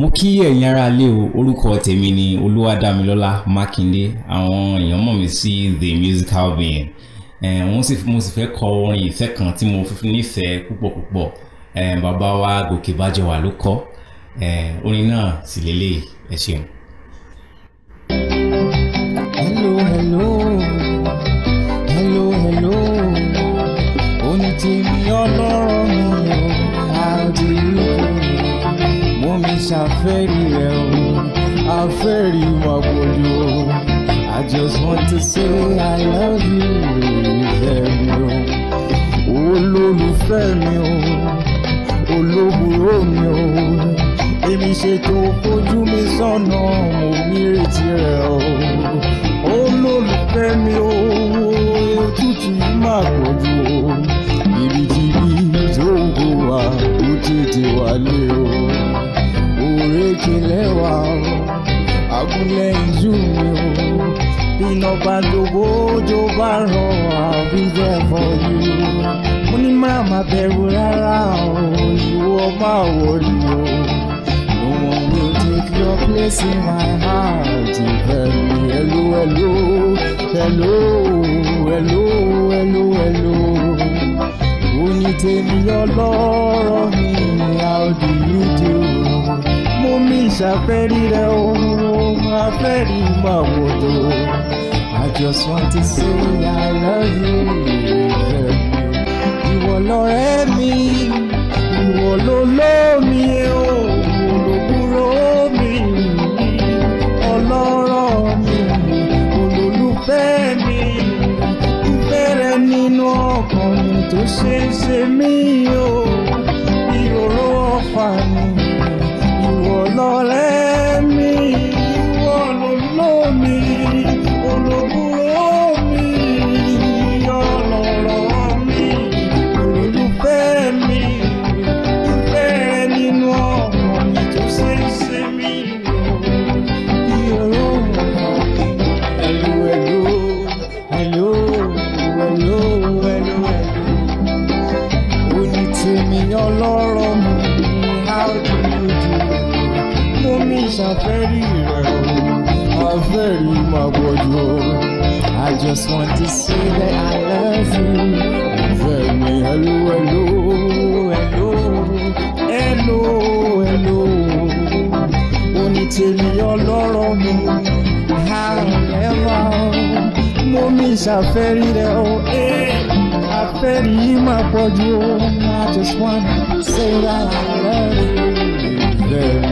mo kí ẹ̀yin ará ilé o orúkọ tèmi ni olúwadámilọ́lá mákindé àwọn èèyàn mọ̀ mí sí the musical being wọ́n sì mo sì fẹ́ kọ orin ìfẹ́ kan tí mo nífẹ̀ẹ́ púpọ̀ púpọ̀ bàbá wa gòkè bájọwà ló kọ orin náà sì lélẹ̀ ẹ ṣeun. hello hello. ṣàfẹ́rí rẹ̀ o àfẹ́rí wàgbọ́dọ̀ o I just want to say I love you ìfẹ́ mi o olólùfẹ́ mi o olóbùrò mi o èmi ṣètò fojú mi sọ́nà mo nírètí rẹ̀ o olólùfẹ́ mi o òtútù yìí máa pọ̀ jù o ibi tí ibi tó ń wa ó tètè wálé o ṣe lẹ́wà o àgúnlé ìjú mi o iná bá dògbò òjò bá rọ àbí bẹ́ẹ̀ fọ mo ní má má bẹ̀rù rárá o ìwọ má wọlé o no one will take your place in my heart ìbẹ̀rù hello hello hello hello hello hello onítẹ̀mí ọlọ́rọ̀ mi how do you do promise I fed it all, I fed it my water. I just want to say I love you, love you. Ìwọ lọ̀rẹ́ mi, ìwọ ló lọ́ mi o, olùkúrò mi, ọlọ́rọ̀ mi, olólùfẹ́ mi, ìfẹ́ rẹ nínú ọkàn mi tó ṣe é ṣe mí o, oh. ìrorò ọ̀fà mi. on 30 years of 30, my wardrobe. I just want to say that I love you. Tell me hello, hello, hello, hello, hello. Only tell me your love me. However, mo mi ṣàfẹ́rí rẹ̀ o, àfẹ́rí yìí máa pọ̀ jù just want to say that I love you.